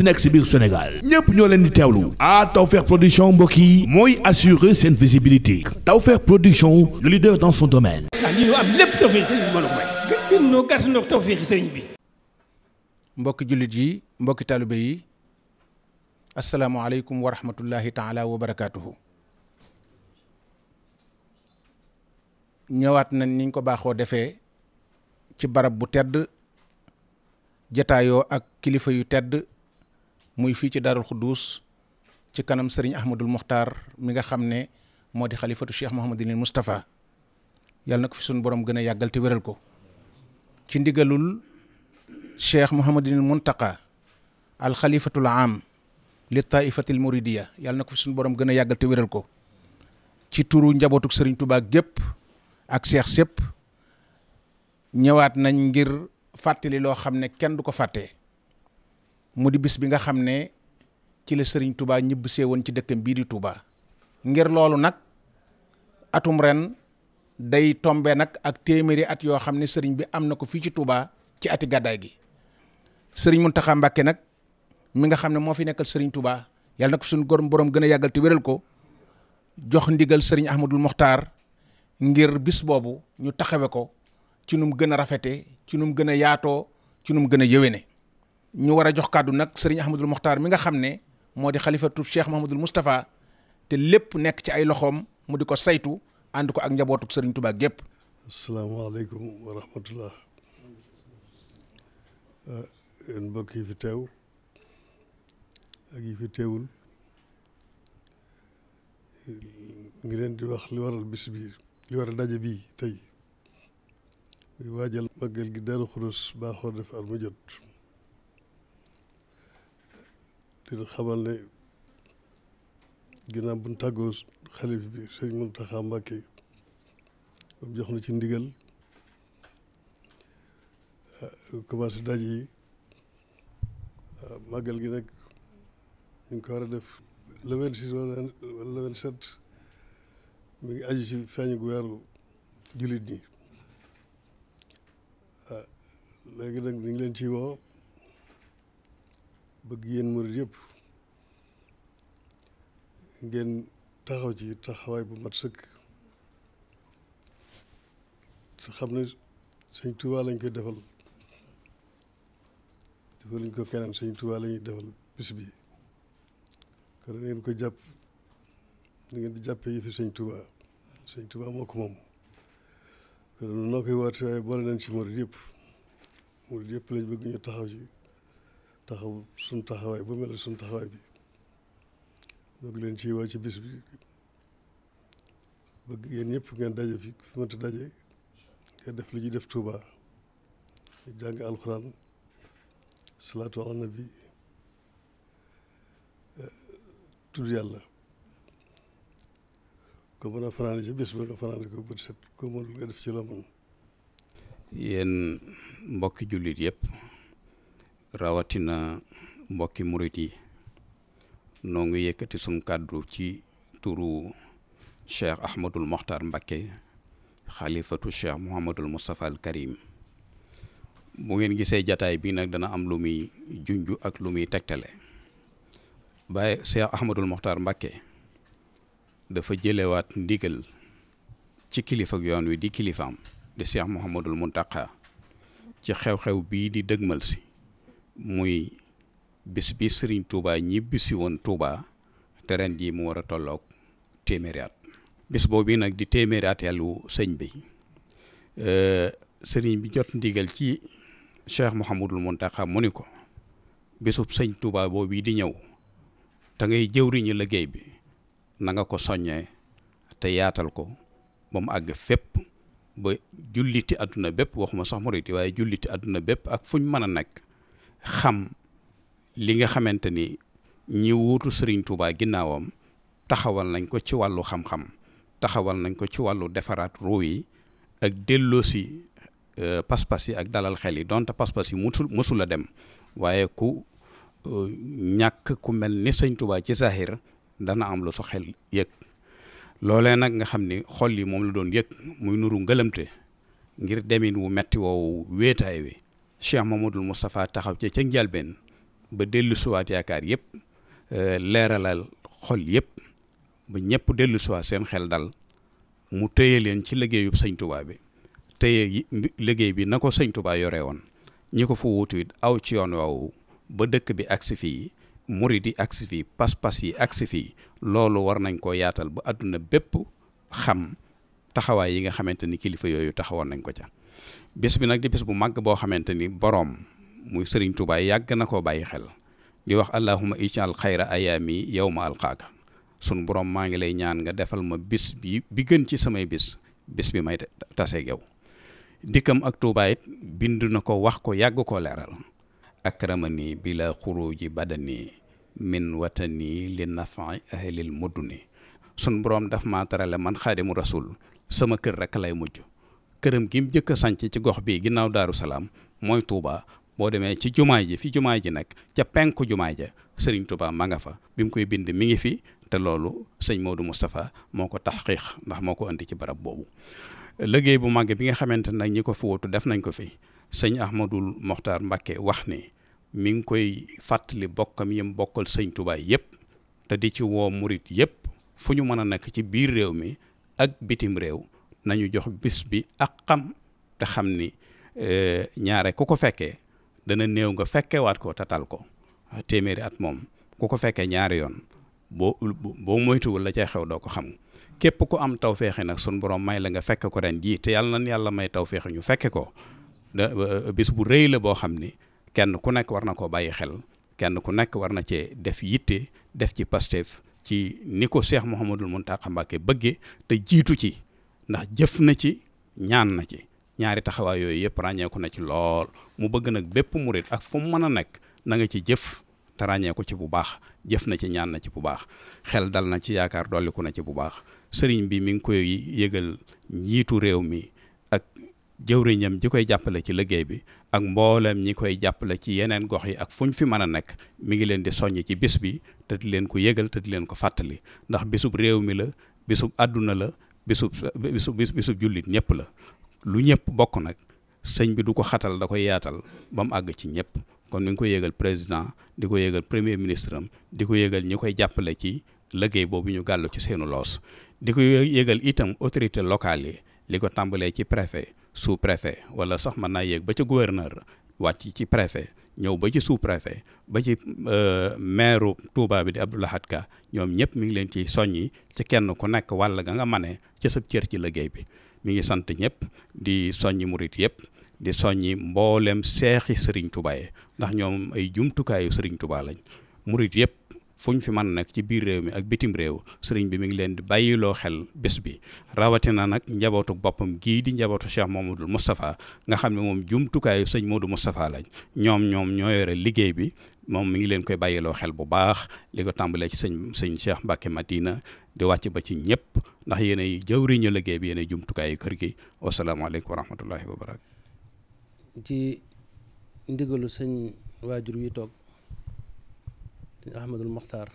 munti nekk si biir Sénégal ñépp ñoo leen di teewlu ah mbokk yi mooy assurer seen visibilité Tawfekh production le leader dans ah, jullit yi mbokki taalibe yi asalaamaaleykum wa ñëwaat nañ niñ ko baaxoo defee ci barab bu tedd jataayoo ak kilifa yu tedd muy fii ci Daarul Xudduus ci kanam sëriñ Ahmadul Muxtaar mi nga xam ne moo di xalifatu Cheikh Mouhamadulil Moustapha yàlla na ko fi suñu borom gën a yàggal te wéral ko ci ndigalul Cheikh Mouhamadulil Muntaqa al xalifatul aam li taifatil muridiya yàlla na ko suñu borom gën a yàggal te ko ci turu njabootuk sëriñ tubaag gépp ak Cheikh sépp ñëwaat nañ ngir fàttali loo xam ne kenn du ko fàtte mu di bis bi nga xam ne ci la sëriñ Touba ñibbisee woon ci dëkkam bii di Touba. ngir loolu nag atum ren day tombe nag ak téeméeri at yoo xam ne sëriñ bi am na ko fii ci Touba ci ati gàddaay gi sëriñ Mountakha Mbacké nag mi nga xam ne moo fi nekkal sëriñ Touba yal nag ko suñu góor borom gën a yàggal te wéral ko jox ndigal sëriñ Ahmadul Mokhtar ngir bis boobu ñu taxawe ko ci nu mu gën a rafete ci nu mu gën a yaatoo ci nu mu gën a yëwéne ñu war a jox kàddu nag sëriñ Ahmadul Mokhtar mi nga xam ne moo di xalifatu Cheikh Mahamadul Moustapha te lépp nekk ci ay loxoom mu di ko saytu ànd ko ak njabootu sëriñ Touba gépp asalaamaaleykum wa rahmatullah eh, yéen ngi leen di wax li waral bis bi li waral daje bii tey muy waajal màggal gi Daaru Xudoos baaxoo def at mu jot dina xamal ne ginnaaw bu ñu tàggoo xalif bi sëñ Muntaxa Mbàkke jox na ci ndigal euh, commencé daj yi euh, màggal gi nag ñu ngi ko war a def le vingt six mu le vingt ngi aju ci feeñu gu weeru jullit ñi euh, léegi nag ñu ngi leen ciy woo bëgg yéen murid yëpp ngeen taxaw ci taxawaay bu mat sëkk te xam ne sëñ Tuubaa lañ koy defal defaluñ ko keneen sëñ Tuubaa la ñuy defal bis bi kon ngeen ko jàpp da ngeen di jàppee yëfi sëñ Tuubaa sëñ Tuubaa moo ko moom kon noo koy waatee waaye boole nañ ci murid yépp murid yëpp lañ bëgg ñu taxaw ci taxaw suñ taxawaay bu mel suñ taxawaay bi ñu leen ciy woo ci bis bi bëgg yéen ñëpp ngeen daje fi fi mënta daje ngeen def li ñuy def Touba ñu jàng alxuraan salaatu ala nabi eh, tudd yàlla ko mën a fanaane ci bis ba nga fanaane ko bët set ko mënul nga def ci la mën mbokki jullit yëpp rawatina mbokki murit yi noo ngi yëkkati suñ kàddu ci turu cheikh ahmadul moxtar mbakke xalifatu cheikh mouhamadul moustapha al karim ngeen gisee jataay bi nag dana am lu muy junj ak lu muy tegtale bàyyi cheikh ahmadul moxtar mbakke dafa jëlewaat ndigal ci kilifa yoon wi di kilifaam di cheikh mouhamadul muntaqa ci xew-xew bii di dëgmal si muy bis bi Serigne Touba ñibbisi woon Touba te ren jii mu war a tolloog téeméeri at bis boobu nag di téeméeri at yàllu sëñ bi euh, sëriñ bi jot ndigal ci Cheikh Mouhamadul Mountakha mu ni ko bisub sëñ Touba boobu di ñëw te ngay jëwriñu liggéey bi nanga ko soññee te yaatal ko ba mu àgg fépp ba julliti àdduna bépp waxuma sax murit waaye julliti àdduna bépp ak fuñ mën a nekk. xam li nga xamante ni ñi wuutu sëriñ Touba ginnaawam taxawal nañ ko ci wàllu xam-xam taxawal nañ ko ci wàllu defaraat ruu yi ak delloosi euh, pas yi ak dalal xel yi donte pas-pas yi musul a dem waaye ku euh, ñàkk ku mel ni Sëñ Touba ci saaxir dana am lu su xel yëg loole nag nga xam ni xol yi moom la doon yëg muy nuru ngëlëmte ngir demin wu metti woowu wéetaay wi Cheikh Mamadul Moustapha taxaw ca ca njalbeen ba dellu suwaat yaakaar yëpp euh, leeralal xol yëpp ba ñëpp dellu suwaat seen xel dal mu téye leen ci liggéeyub sëñ Touba bi téye liggéey bi na ko sëñ Touba yore woon ñi ko fa wuutu aw ci yoon waawu ba dëkk bi agsi fii murid yi agsi fii pas-pas yi agsi fii loolu war nañ koo yaatal ba àdduna bépp xam taxawaay yi nga xamante ni kilifa yooyu taxawoon nañ ko ca bés bi nag di bés bu màgg boo xamante ni boroom muy sëriñ Tuubaa yàgg na koo bàyyi xel di wax allahuma ical xayra ayaami yow ma alqaaka sunu boroom maa ngi lay ñaan nga defal ma bis bi bi gën ci samay bis bis bi may taseeg yow dikkam ak Tuubaa bind na ko wax ko yàgg koo leeral akramani bila xuruji badani min watani li nafi ahlil muduni sun boroom daf maa tarale man xaadimu rasul sama kër rek lay mujj këram gi mu njëkk a sanc ci gox bi ginnaaw daaru salaam mooy Touba boo demee ci jumaay ji fi jumaay ji nag ca penk jumaa ja sëriñ Touba ma nga fa bi mu koy bind mi ngi fi te loolu sëñ moodu Moustapha moo ko tax taxqiq ndax moo ko andi ci barab boobu. liggéey bu màgg bi nga xamante nag ñi ko fi wutu def nañ ko fi sëñ Ahmadul Mokhtar Mbacke wax ni mi ngi koy fàttali bokkam yim bokkal sëñ Touba yëpp te di ci woo murit yëpp fu ñu mën a nekk ci biir réew mi ak bitim réew. nañu jox bis bi ak xam te xam ni eh, ñaare ku ko fekkee dana néew nga fekkewaat ko tatal ko téeméeri at moom ku ko fekkee ñaari yoon boo moytuwul la cay xew doo ko xam képp ku am tawféexe nag sun borom may la nga fekk ko ren jii te yàlla na yàlla may tawféexe ñu fekke ko da eh, bis bu rëy la boo xam ni kenn ku nekk war na koo bàyyi xel kenn ku nekk war na cee def yitte def ci Pastef ci ni ko Cheikh Mouhamadul Mountakha Mbacké bëgge te jiitu ci ndax jëf na ci ñaan na ci ñaari taxawaay yooyu yëpp ràññeeku na ci lool mu bëgg nag bépp murit ak fu mu mën a nekk na nga ci jëf te ràññeeku ci bu baax jëf na ci ñaan na ci bu baax xel dal na ci yaakaar dolliku na ci bu baax sëriñ bi mi ngi koy yëgal njiitu réew mi ak jëwriñam ji koy jàppale ci liggéey bi ak mboolem ñi koy jàppale ci yeneen gox yi ak fu fi mën a nekk mi ngi leen di soññ ci bis bi te di leen ko yëgal te di leen ko fàttali ndax bisub réew mi la bisub àdduna la bisub bi bisub jullit ñëpp la lu ñëpp bokk nag sëñ bi du ko xatal da koy yaatal ba mu àgg ci ñëpp kon mi ngi koy yégal président di ko yégal premier ministre am di ko yégal ñi koy jàppale ci liggéey boobu ñu gàllu ci seenu loos di koy yégal itam autorité locale yi li ko tàmbalee ci préfet sous préfet wala sax mën naa yéeg ba ca gouverneur wàcc ci préfet ñëw ba ci sous-préfet ba ci euh, maire Touba bi di Abdou Lahad Ka ñoom ñëpp mi ngi leen ci soññi ci kenn ku nekk wàll ga nga mane ci sab cër ci liggéey bi mi ngi sant ñëpp di soññ murit yëpp di soññi mboolem seexi Serigne Touba yi ndax ñoom ay jumtukaayu Serigne Touba lañ murit yëpp. fu fi man nag ci biir réew mi ak bitim réew sëriñ bi mi ngi leen di bàyyiloo xel bés bi rawatina nag njabootu boppam gii di njabootu Cheikh Mamadou Moustapha nga xam ne moom jumtukaayu sëñ Modou Moustapha lañ ñoom ñoom ñoo yore liggéey bi moom mi ngi leen koy bàyyiloo xel bu baax li ko tàmbalee ci sëñ sëñ Cheikh Mbacke Madina di wàcc ba ci ñëpp ndax yéen ay jëwriñu liggéey bi yéen ay jumtukaayu kër gi wasalaamaaleykum wa rahmatullahi wa barakaatu ci dañ ahmadul maxtaar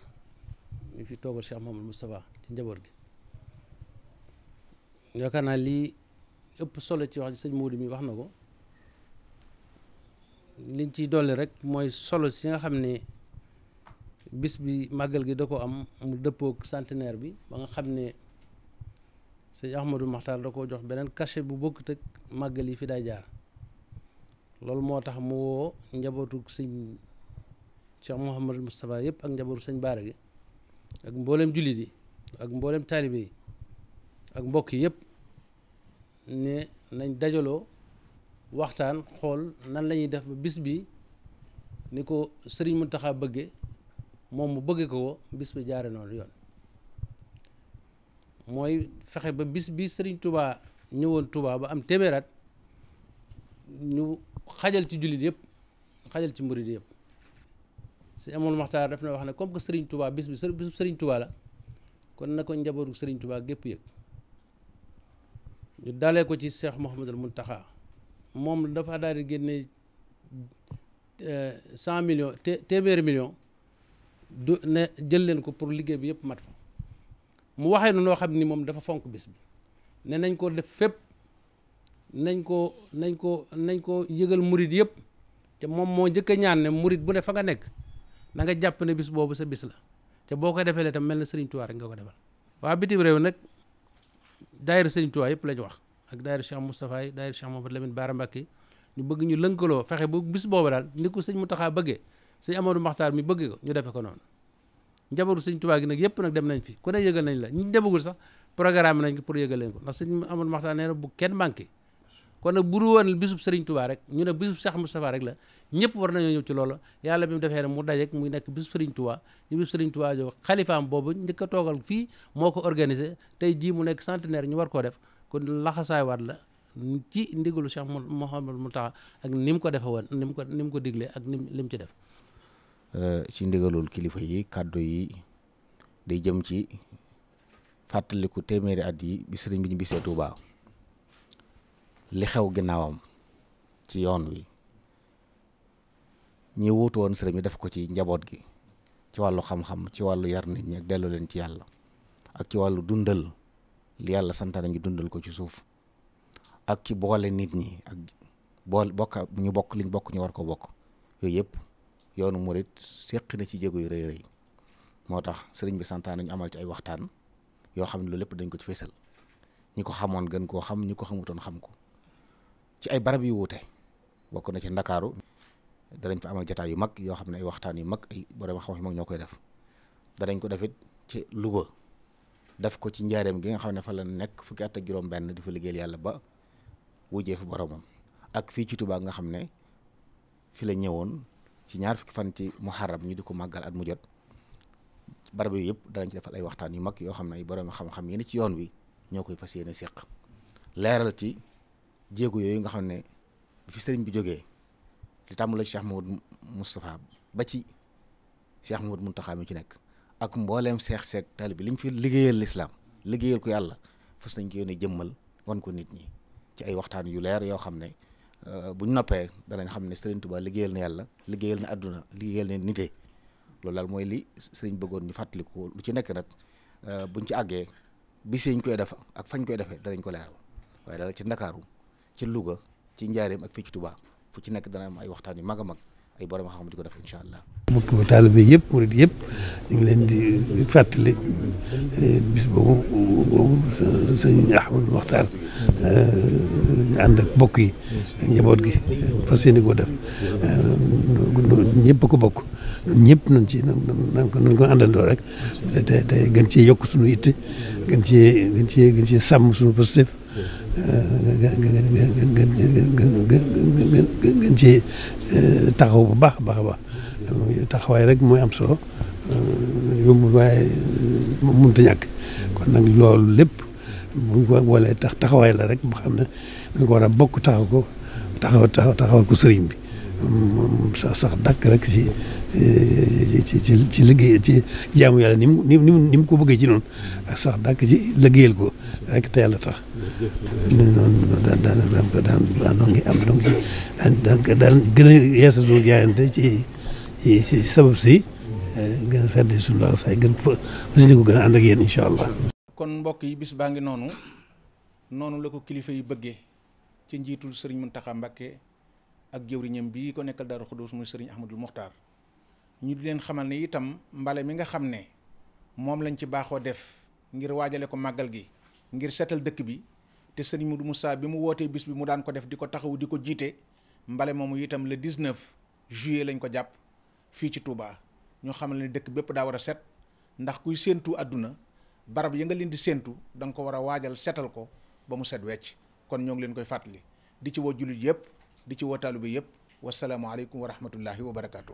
mi fi toogal Cheikh Mouhamadou Moustapha ci njaboot gi yaakaar naa lii ëpp solo ci wax ji sëñ mi wax na ko liñ ciy dolli rek mooy solo si nga xam ne bis bi màggal gi da ko am mu dëppook centenaire bi ba nga xam ne sëñ Ahmadou Maxtaar da koo jox beneen cachet bu bokkut ak màggal yi fi day jaar loolu moo tax mu woo njabootuk sëñ Cheikh Mouhamadul Moustapha yëpp ak njabootu sañ Baara gi ak mboolem jullit yi ak mboolem taalibe yi ak mbokk yi yëpp ne nañ dajaloo waxtaan xool nan lañuy def ba bis bi ni ko sëriñ mu taxa bëgge moom mu bëgge ko bis bi jaare noonu yoon mooy fexe ba bis bi sëriñ tubaa ñëwoon tubaa ba am téeméeraat ñu xajal ci jullit yëpp xajal ci murid yëpp si amul maxtaar daf na wax ne comme que Serigne Touba bis bi bisu Serigne Touba la kon na ko njabootu Serigne tubaa gépp yëg ñu dalee ko ci Cheikh mun taxa moom dafa daal di génne euh, cent millions téeméeri million du ne jël leen ko pour liggéey bi yëpp mat fa mu waxee nu loo xam ni moom dafa fonk bis bi ne nañ koo def fépp nañ ko nañ ko nañ ko yëgal murit yëpp te moom moo njëkk ñaan ne murit bu ne fa nga nekk na nga jàpp ne bis boobu sa bis la te boo ko defee tam mel na Serigne Touba rek nga ko defal waa bitim réew nag daayira Serigne Touba yëpp lañu wax ak daayira Cheikh Moustapha yi daayira Cheikh Mouhamed Lamine Bara Mbacké ñu bëgg ñu lënkaloo fexe bu bis boobu daal ni ko sëñ Mountakha bëggee sëñ Amadou Makhtar mi bëgg ko ñu defe ko noonu njabaru sëñ Touba gi nag yëpp nag dem nañ fi ku ne yëgal nañ la ñu demagul sax programme nañ ko pour yëgal leen ko ndax sëñ Amadou Makhtar nee na bu kenn manqué kon nag bu dul woon bisub Serigne Touba rek ñu ne bisu bisub Cheikh Moustapha rek la ñëpp war nañoo ñëw ci loola yàlla bi mu defee ne mu daj muy nekk bisub Serigne Touba ñu bisub Serigne Touba boobu njëkk toogal fii moo ko organisé tey jii mu nekk centenaire ñu war koo def kon laxasaay waat la ci ndigalu Cheikh Mouhamadou Mountakha ak ni mu ko defe woon ni ko ni ko diglee ak ni li mu ci def euh, ci ndigalul kilifa yi kàddu yi day jëm ci fàttaliku téeméeri at yi bi sëriñ bi ñu bisee Touba li xew ginnaawam ci yoon wi ñi wuutu woon sëriñ bi def ko ci njaboot gi ci wàllu xam-xam ci wàllu yar nit ñi ak delloo leen ci yàlla ak ci wàllu dundal li yàlla santaane ñu dundal ko ci suuf ak ci boole nit ñi ak bool bokka ñu bokk liñ bokk ñu war ko bokk yooyu yëpp yoonu murit séq na ci jéego yu rëy rëy moo tax sëriñ bi santaane ñu amal ci ay waxtaan yoo xam ne loolu lépp dañ ko ci feesal ñi ko xamoon gën koo xam ñi ko xamutoon xam ko ci ay barab yu wuute bokk na ci ndakaaru danañ fa amal jataay yu mag yoo xam ne ay waxtaan yu mag ay borom xam ñoo koy def danañ ko defit ci Louga def ko ci njaareem gi nga xam ne fa la nekk fukki at juróom-benn di fa liggéeyal yàlla ba wujjee fa boromam ak fii ci Touba nga xam ne fi la ñëwoon ci ñaar fukki fan ci muharram ñu di ko màggal at mu jot barab yooyu yëpp danañ ci defal ay waxtaan yu mag yoo xam ne ay borom xam-xam yi ci yoon wi ñoo koy fas yéene séq jéego yooyu nga xam ne bi fi sëriñ bi jógee li tàmbale ci Cheikh Mouhamadou Moustapha ba ci Cheikh Mouhamadou Mountakha mi ci nekk ak mbooleem seex seeg taalibe bi liñ fi liggéeyal lislaam liggéeyal ko yàlla fas nañ ko yónnee jëmmal wan ko nit ñi ci ay waxtaan yu leer yoo xam ne euh, buñ noppee danañ xam ne sëriñ Tuubaa liggéeyal na yàlla liggéeyal na àdduna liggéeyal na loolu daal mooy li sëriñ bëggoon ñu fàttaliku lu ci nekk nag euh, buñ ci àggee bi sëñ koy def ak fañ koy defee danañ ko leeral waaye daal ci Ndakaaru ci Louga ci Njaareem ak fii ci Touba fu ci nekk dana am ay waxtaan yu mag a mag ay borom xam di ko def incha allah. mbokk taalibe yëpp murid yëpp ñu ngi leen di fàttali eh, bis boobu boobu sëñ Ahmadou Mokhtar eh, ak bokk yi njaboot gi fas yéene koo def eh, ñëpp ko bokk ñëpp nañ ci nañ ko nañ ko àndandoo rek te gën ci yokk suñu itte gën cee gën cee gën sàmm suñu gën gën ci euh, taxaw bu baax a baax a baax taxawaay rek mooy am solo euh, yombul waaye euh, mënut a ñàkk kon nag loolu lépp buñ ko tax taxawaay la rek boo xam ne dañ ko war a bokk taxaw ko taxaw taxaw ko sëriñ bi moom sax dàkk rek ci liggéey ci jaamu yàlla ni mu ko bëggee ci noonu ak sax dàkk ci liggéeyal ko rek te yàlla tax. noonu daan daan daan daan ngi am donc daan gën a yeesatu jaayante ci ci ci sabab si. gën a ferdi suñu laax saay gën fa ko gën a ànd ak yéen incha allah. kon mbokk yi bis baa ngi noonu noonu la ko kilifa yi bëggee ci njiitul sëriñ Mountakha Mbacké. ak jëwriñam bii ko nekkal Daaru Xudoos muy sëriñ Ahmadul Muxtaar ñu di leen xamal ne itam mbale mi nga xam ne moom lañ ci baaxoo def ngir waajale ko màggal gi ngir seetal dëkk bi te sëriñ Mudu Musaa bi mu wootee bis bi mu daan ko def di ko taxawu di ko jiite mbale moom itam le 19 juillet lañ ko jàpp fii ci Touba ñu xamal ne dëkk bépp daa war a set ndax kuy séentu àdduna barab yi nga leen di séentu danga ko war a waajal setal ko ba mu set wecc kon ñoo ngi leen koy fàttali di ci woo jullit yëpp di ci woo taalibe bi yëpp wasalaamualeykum wa rahmatullahi wa barakaatu.